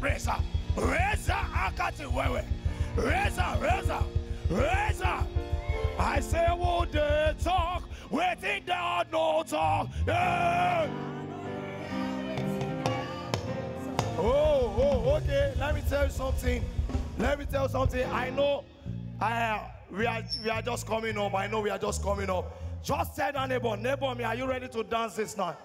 Reza, Reza akati wewe. Reza, Reza, Reza. I say, would they talk? think there, no talk. Yeah. Oh, oh, okay. Let me tell you something. Let me tell you something. I know I, we, are, we are just coming up. I know we are just coming up. Just tell that neighbor, neighbor, me, are you ready to dance this night?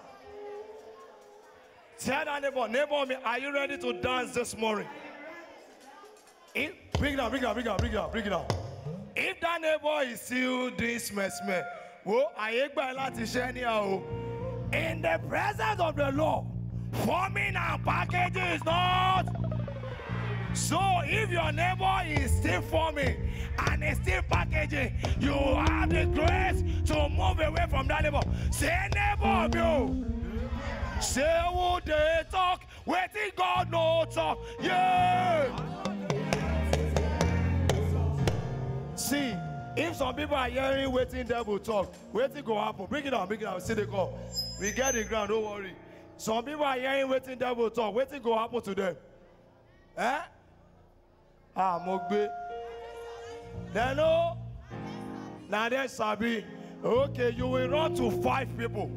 Tell that neighbor, neighbor me, are you ready to dance this morning? If, bring it down, bring it down, bring it down, bring it down, bring it down. If that neighbor is still doing well, I ain't going to let ṣe ní o. In the presence of the Lord, forming and packaging is not. So if your neighbor is still forming and is still packaging, you have the grace to move away from that neighbor. Say neighbor, you. Say who they talk, waiting God no talk. Yeah. See, if some people are hearing waiting devil talk, waiting go happen. Bring it down, bring it down. See the call. We get the ground, don't worry. Some people are hearing waiting devil talk. Waiting go happen to them. Eh? Ah, Mogbe. They know. Now they Sabi. Okay, you will run to five people.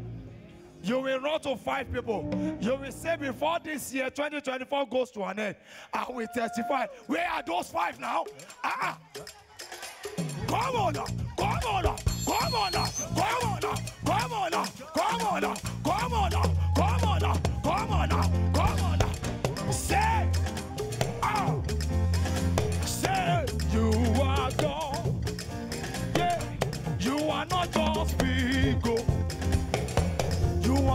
You will run to five people. You will say, before this year, 2024 goes to an end, I will testify. Where are those five now? Uh-uh. Come on up. Come on up. Come on up. Come on up. Come on up. Come on up. Come on up. Come on up. Come on up. Come on up. Say, oh. Say, you are God. Yeah. You are not just people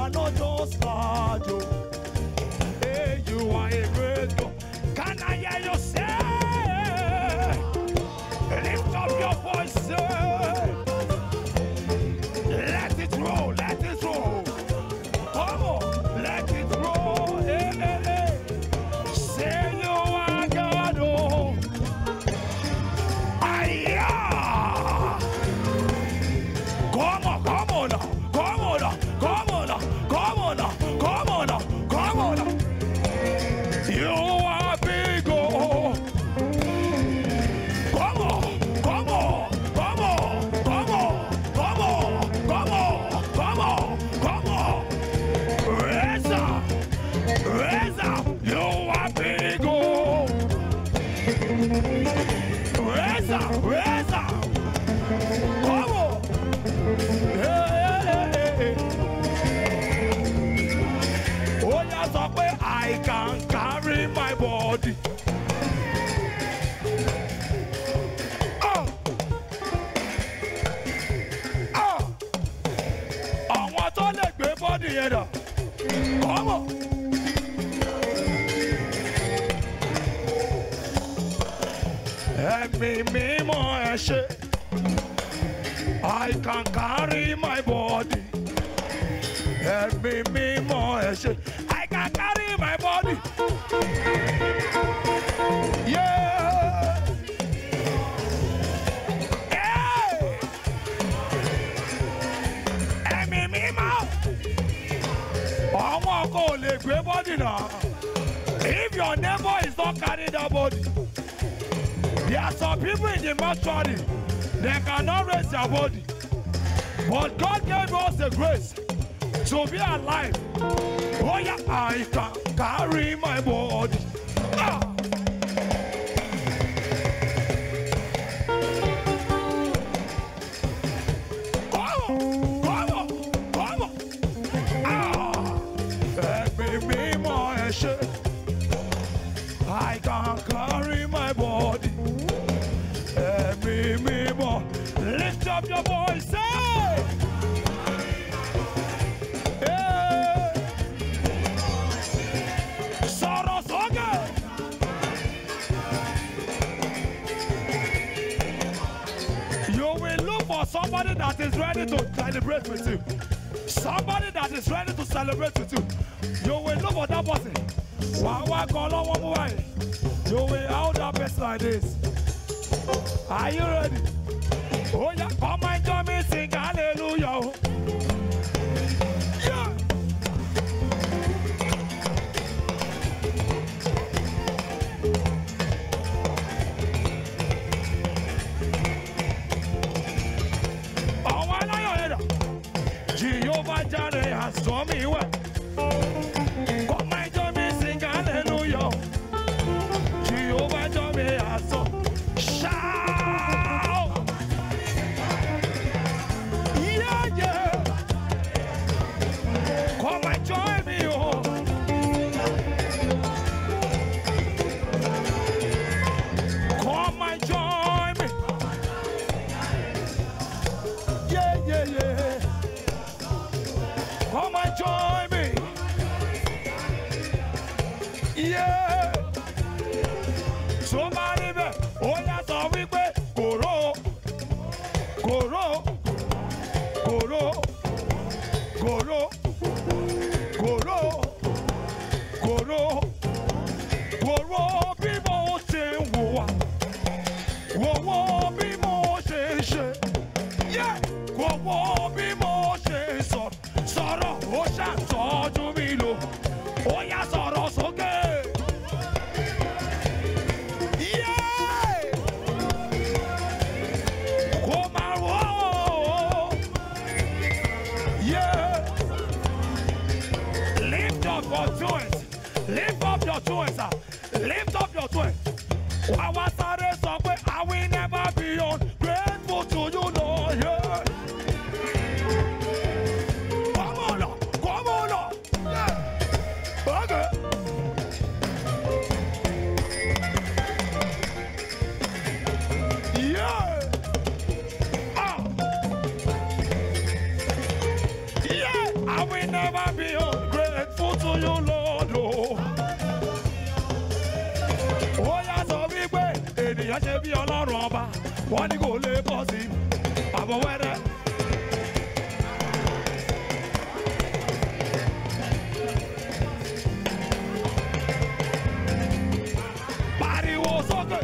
are not just large. Oh. Hey, you are a great God. Can I hear you say? Lift up your voice. Sir. ẹ̀mí mímọ́ ẹ ṣé I can carry my body. Yeah. Yeah. Ẹ̀mí mímọ́ ọmọ ọkọ ò lè gbé bọ́dì náà if your neighbor is not carrying that body there are some people in the mortuary they cannot raise their body but God gave us the grace. to be alive. Oh yeah, I can carry my body. Somebody that is ready to celebrate with you. Somebody that is ready to celebrate with you. You will look for that person. Why, why call on one boy? You will hold that person like this. Are you ready? Oh yeah, come and join me, sing hallelujah. Yeah! One go kò lè bọ́ sí bàbá wẹ́rẹ́. pariwo sókè.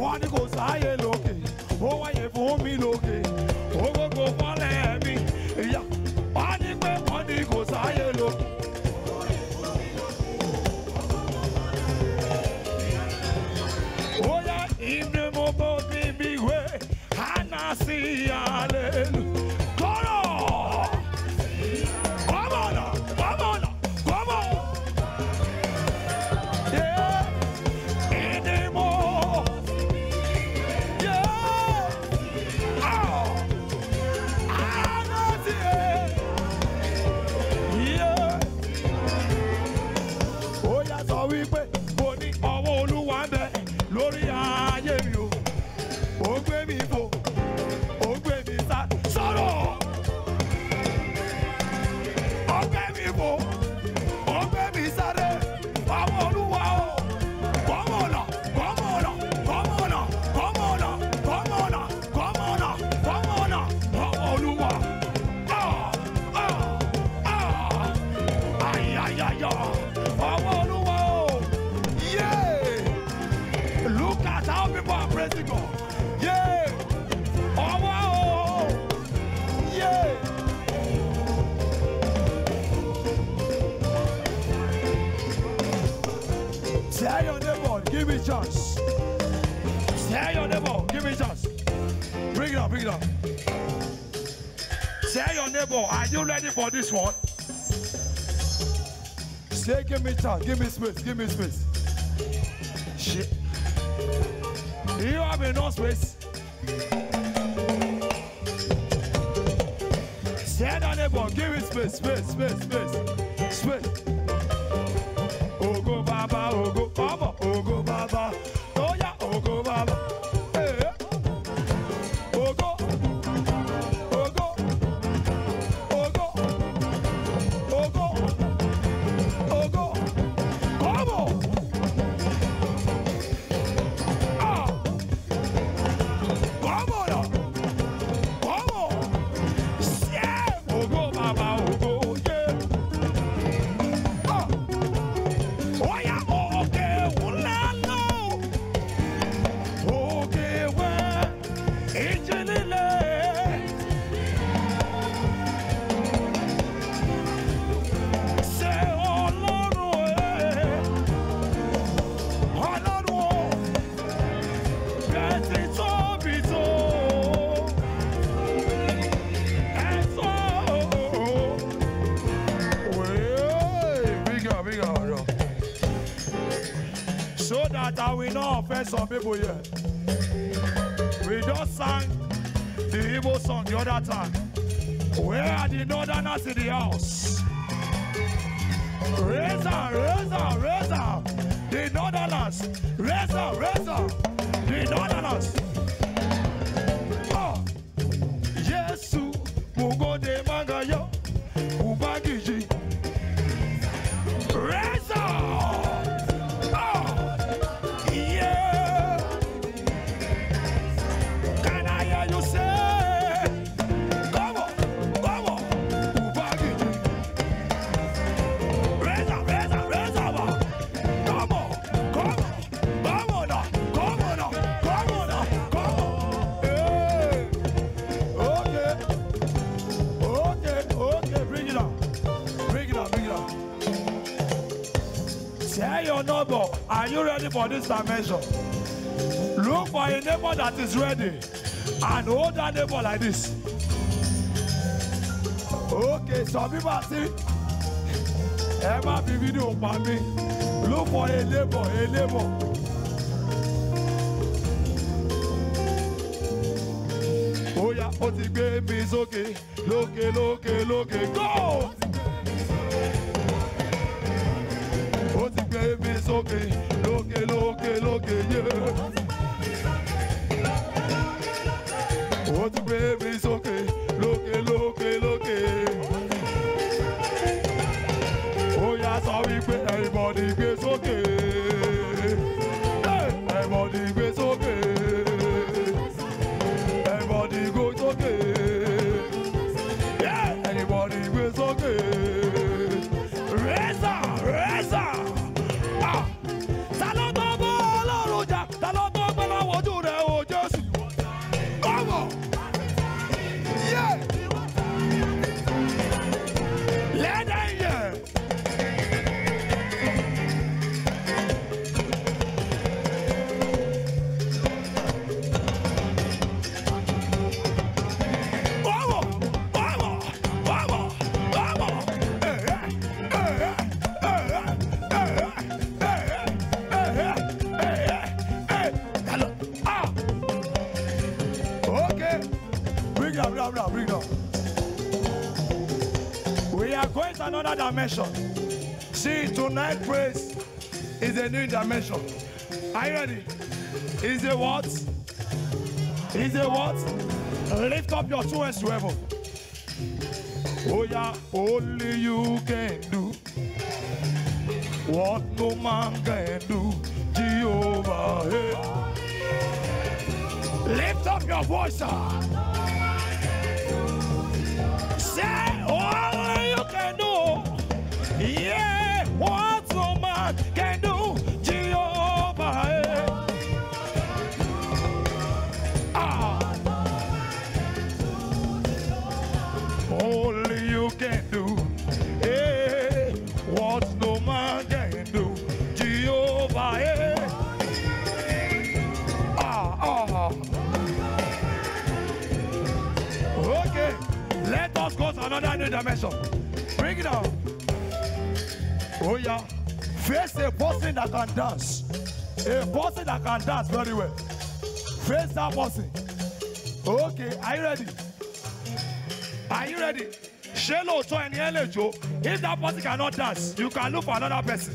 wọ́n ní kò sáyé me chance. Tell your neighbor, give me chance. Bring it up, bring it up. Say your neighbor, are you ready for this one? Say, give me chance, give me space, give me space. Shit. You have enough space. Say that neighbor, give me space, space, space, space, space. Ogo oh, Baba, Ogo oh, Baba. matter, we no offend some people here. We just sang the evil song the other time. Where are the northerners in the house? Raise up, raise up, raise up. The northerners. Raise up, raise up. The northerners. ready for this dimension. Look for a neighbor that is ready and hold that neighbor like this. Okay, some people are saying, Emma be video for me. Look for a neighbor, a neighbor. Oya, ó ti gbé mi okay, lókè, lókè, lókè, go! Ó the gbé mi sókè. lókè lókè lókè yé. ó ti gbé Is a new dimension. Are you ready? Is a what? Is it a what? Lift up your two hands to heaven. Oh yeah, only you can do what no man can do. Jehovah. Hey. Lift up your voice. up. Ah. another new dimension. Bring it down. Oh yeah. Face a person that can dance. A person that can dance very well. Face that person. Okay, are you ready? Are you ready? ṣé to any ẹ lè if that person cannot dance you can look for another person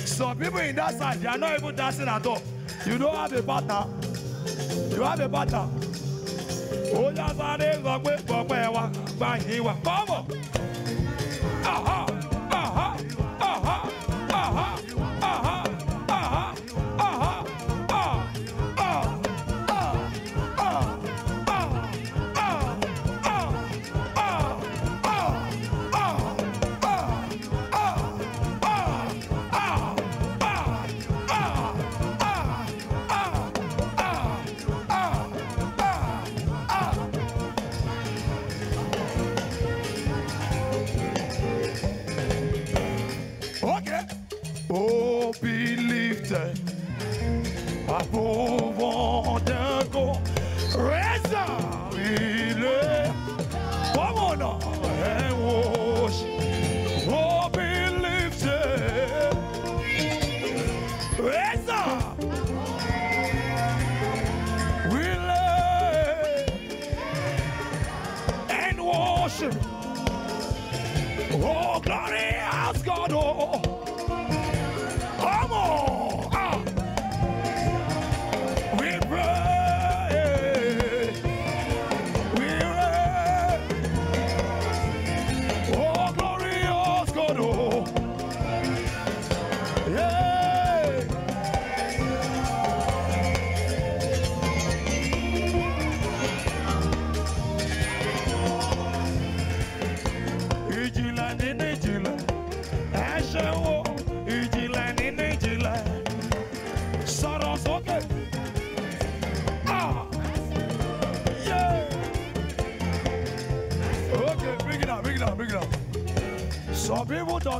some people in that side they are not even dancing at all you don't have a partner you have a partner Oh, ó yá sáré sọ pé pọ̀pẹ́ wa come on, kọ́mọ̀.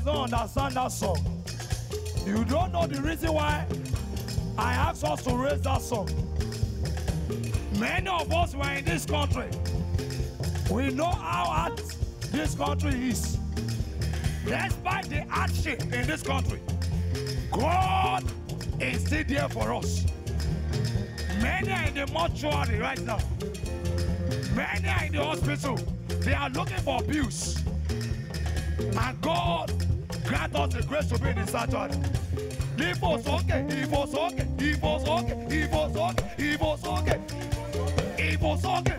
does not understand that song. You don't know the reason why I asked us to raise that song. Many of us were in this country. We know how hard this country is. Despite the hardship in this country, God is still there for us. Many are in the mortuary right now. Many are in the hospital. They are looking for abuse. And God grant us the grace to be in His sanctuary. Ìfòsókè, ìfòsókè, ìfòsókè, ìfòsókè, ìfòsókè, ìfòsókè.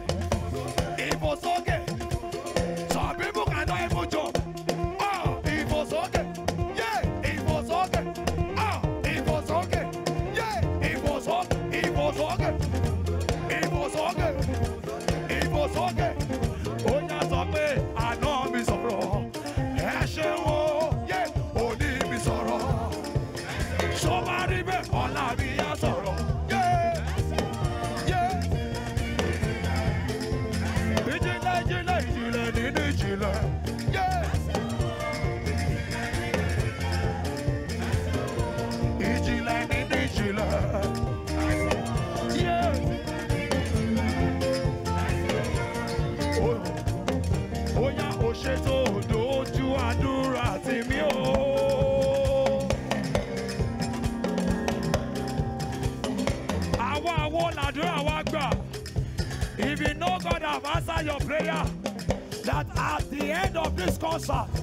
sponsor.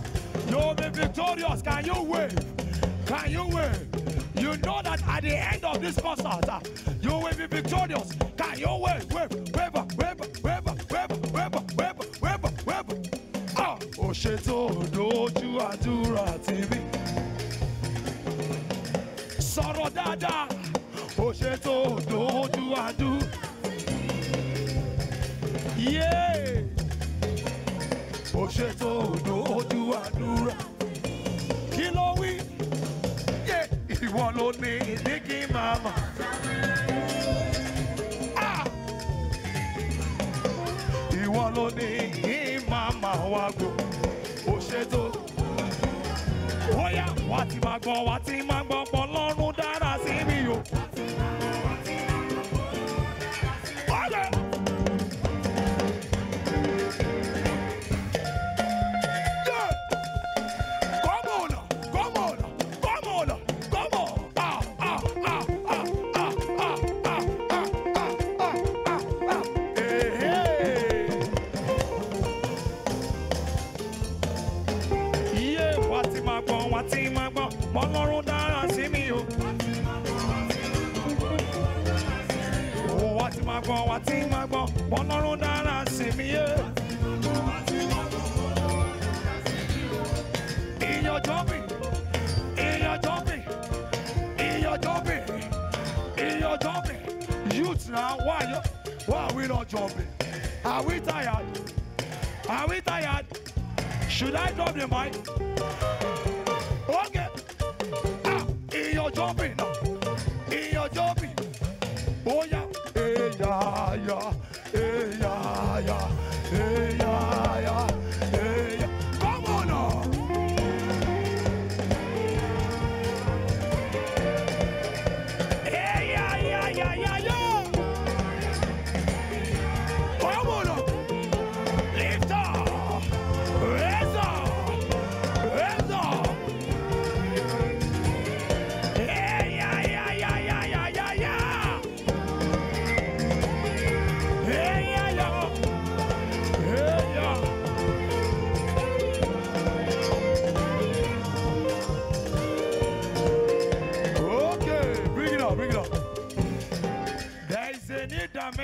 You'll be victorious. Can you win? Can you win? You know that at the end of this concert, uh, you will be victorious. Can you win? Wave, wave, wave, wave, wave, wave, wave, wave, wave. Ah, Osheto ṣètò dojú àdúrà tìbí. Sọ̀rọ̀ dada. Osheto ṣètò dojú àdúrà. Yeah. kò ṣètò odò ojú àdúrà kí ló wí yé ìwọ ló ní ìdíkì màmá. Ah! ìwọ ló ní ìmàmà wa gbò kò ṣètò. ó yá ti máa gbọ́ wá ti máa gbọ́ pọ́lọ́. máa gbọ́ wá tí máa gbọ́ ọlọ́run dára sí mi yé. ìyànjọ́ mi ìyànjọ́ mi ìyànjọ́ mi ìyànjọ́ mi youth na wáyọ why are we not jumping are we tired are we tired should I drop the mic okay ah ìyànjọ́ mi. ya, yeah, yeah. ya.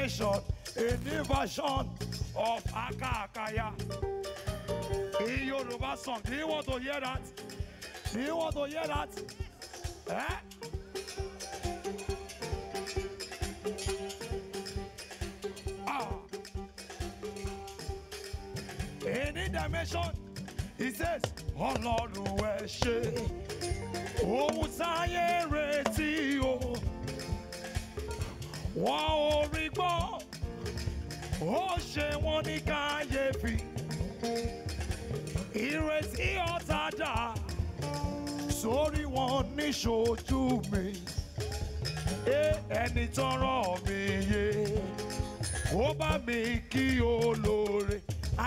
nation, a new version of Aka Akaya. In Yoruba song. Do you want to hear that? Do you want to hear that? Eh? Ah. Any dimension, he says, Oh Lord, worship, Oh táyé retí Wow. wọn gbọ́ ó ṣe wọ́n ní káyéfì ìrètí ọ̀tá sórí wọn níṣojú mi ẹni tọrọ mi yé ó bá mi kí olóore.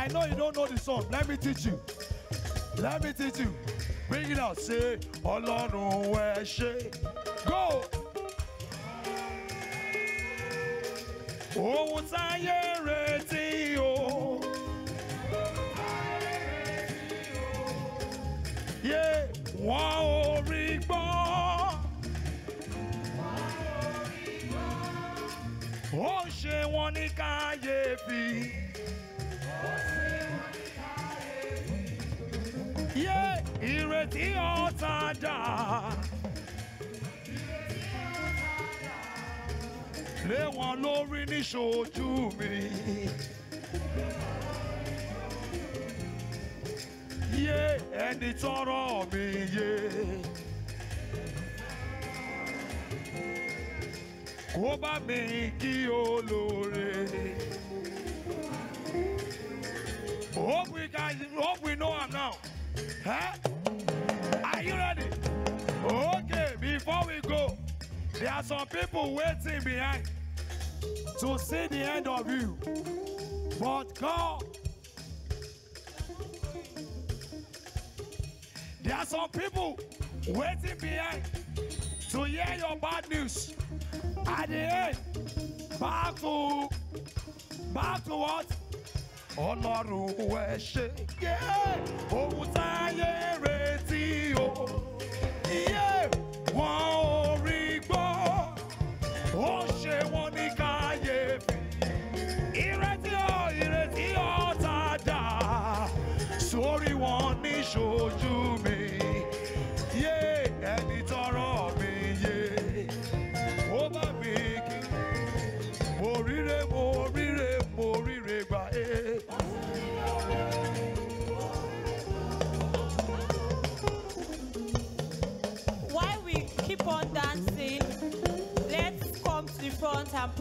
I know you don't know the song let me teach you let me teach you bring it out say Ọlọ́run ẹ ṣé go. ohun táyé retí o. yé wọn ò rí gbọ́. ó ṣe wọn ní kàyéfì. yé ìrètí ọ̀tá dà. lé wọn lórí níṣojú mi. Yé ẹni tọrọ mi yé. Kó bá mi kí olóore. Hope we guys, hope we know him now. Huh? Are you ready? Okay, before we go, there are some people waiting behind. to see the end of you. But God, there are some people waiting behind to hear your bad news. At the end, back to, back to what? Honor, ẹ she, yeah, ohun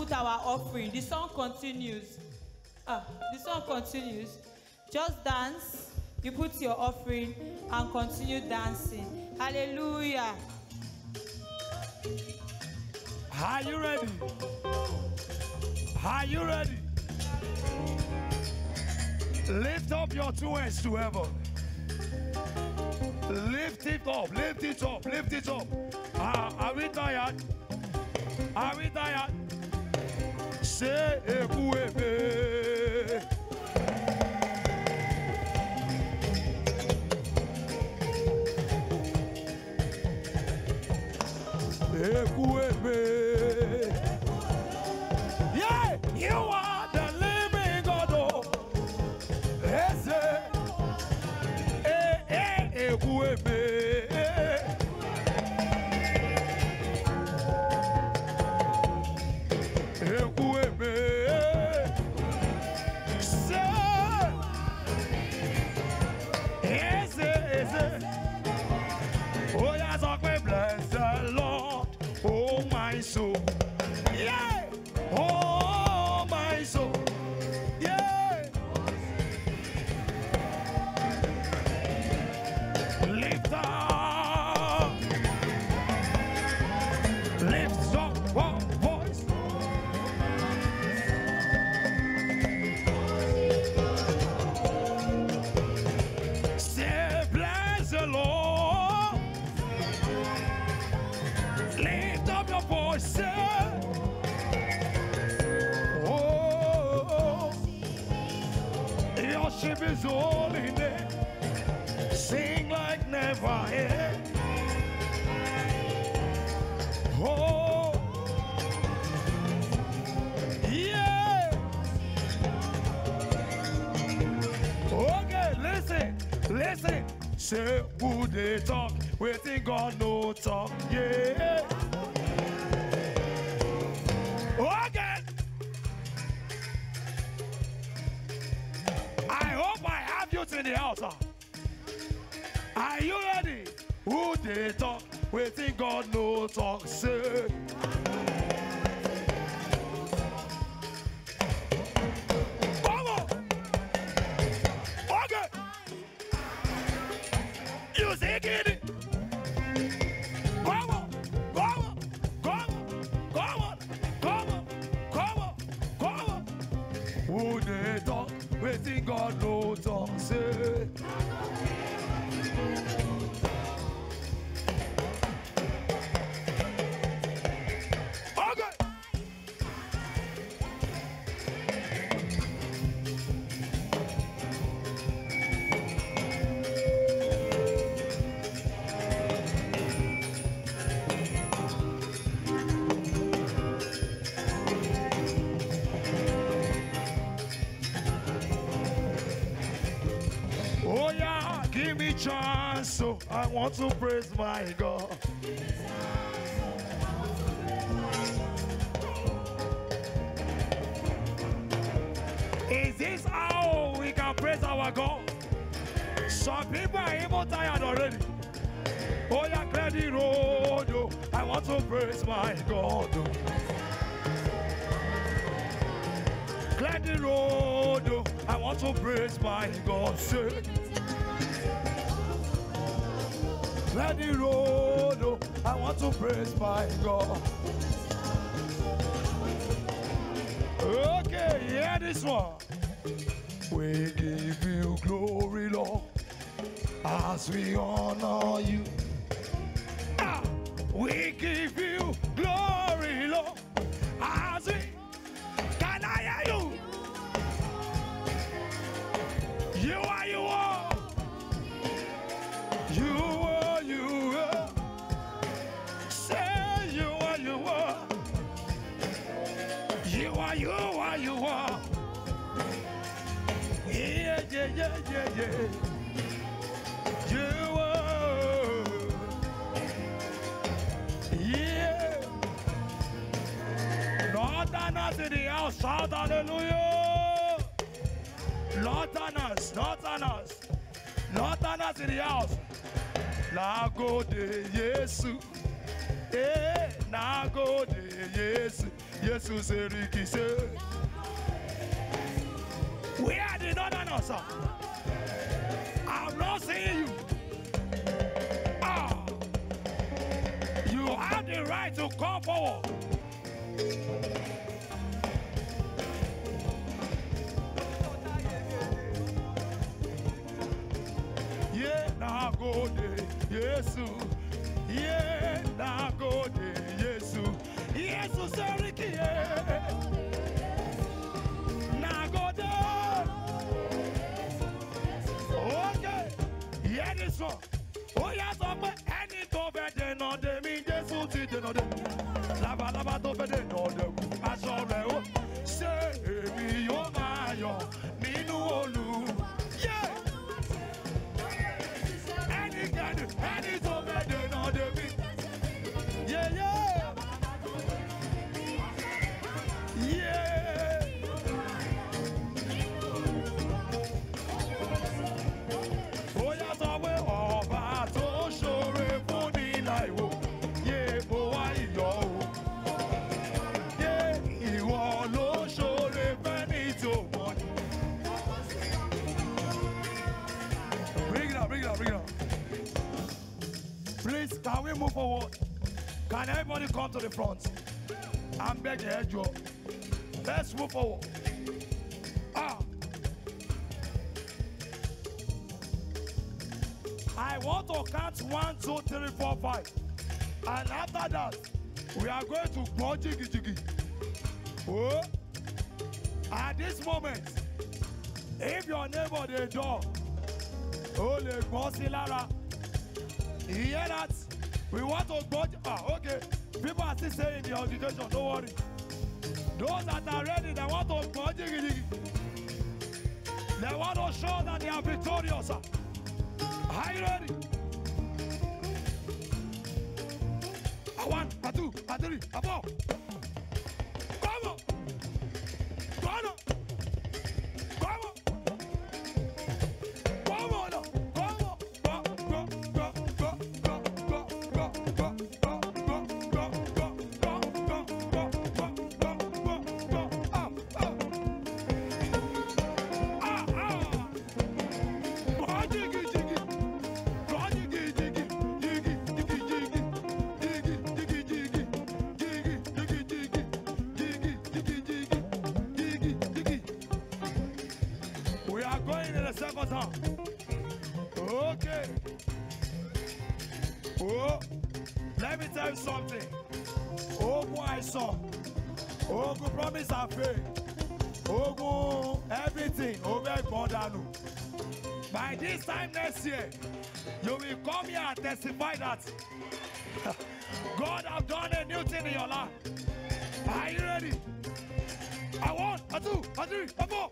put our offering. The song continues. Ah, the song continues. Just dance. You put your offering and continue dancing. Hallelujah. Are you ready? Are you ready? Lift up your two hands to heaven. Lift it up, lift it up, lift it up. Uh, are we tired? Are we tired? Zee, ewe, ewe. lives. so I want to praise my God. Is this how we can praise our God? Some people are even tired already. Oh, yeah, clear the road. Oh, I want to praise my God. Oh. Clear the road. Oh, I want to praise my God. Say. Let it roll! Oh, I want to praise my God. Okay, yeah, this one. We give you glory, Lord, as we honor you. Ah, we give you glory. yeah, You were, yeah. Northerners in shout hallelujah. Northerners, We are the Northerners, I'm not seeing you. Ah, you have the right to come forward. Yeah, now go there, yes. Yeah, now go there, yes. Yes, sorry, yeah. Can everybody come to the front? I'm beg the edge Let's move forward. Ah. I want to count one, two, three, four, five. And after that, we are going to go jiggy jiggy. Oh. At this moment, if your neighbor the door, oh, le lára, hear that? We want to go. pastor saying in the auditorium, don't worry. Those that are ready, they want to they want to show that they are victorious. Are you ready? A one, a two, a three, a four. by this time next year, you will come here and testify that God have done a new thing in your life. Are you ready? I want a two, a three, a four.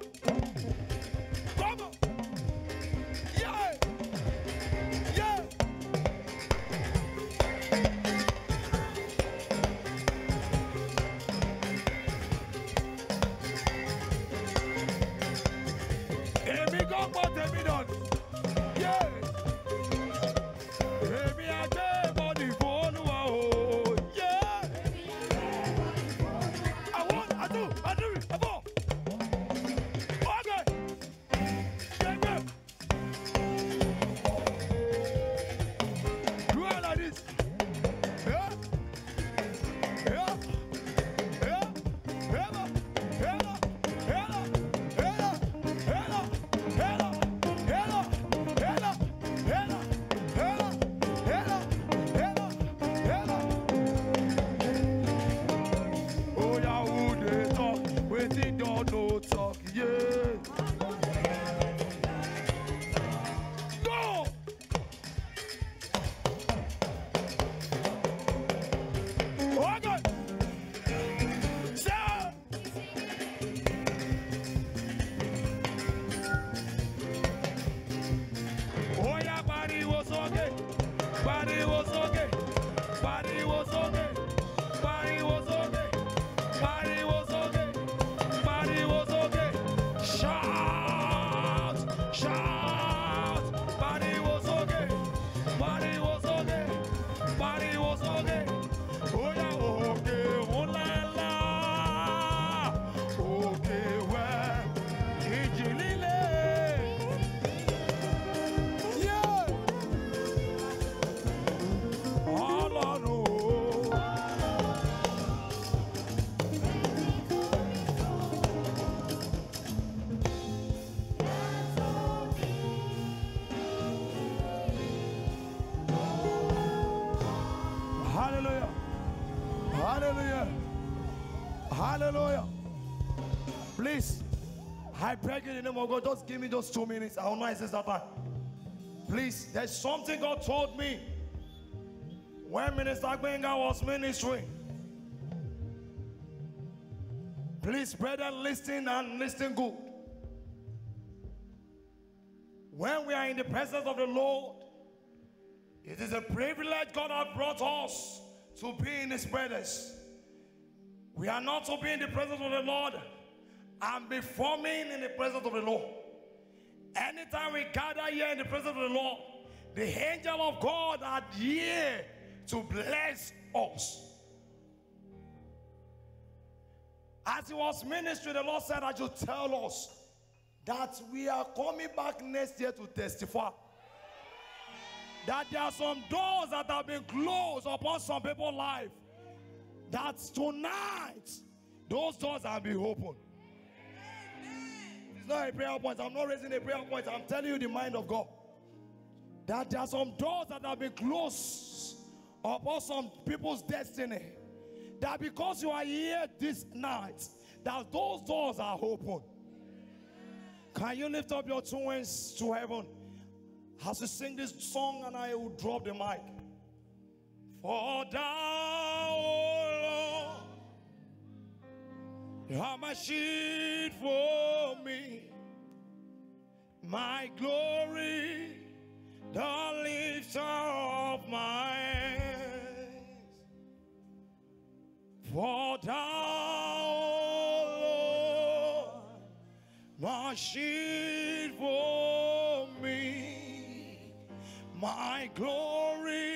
in the name of God. Just give me those two minutes. I will not exist that time. Please, there's something God told me when Minister Benga was ministering. Please, brother, listen and listen good. When we are in the presence of the Lord, it is a privilege God has brought us to be in His presence. We are not to be in the presence of the Lord and be forming in the presence of the Lord. Anytime we gather here in the presence of the Lord, the angel of God are here to bless us. As he was ministering, the Lord said, I should tell us that we are coming back next year to testify. That there are some doors that have been closed upon some people's life. That tonight, those doors have been opened. It's not a prayer point. I'm not raising a prayer point. I'm telling you the mind of God. That there are some doors that have been closed upon some people's destiny. That because you are here this night, that those doors are open. Can you lift up your two hands to heaven as you sing this song and I will drop the mic? For thou How much it for me, my glory, the lifter of my hands. For thou, Lord, my shield for me, my glory,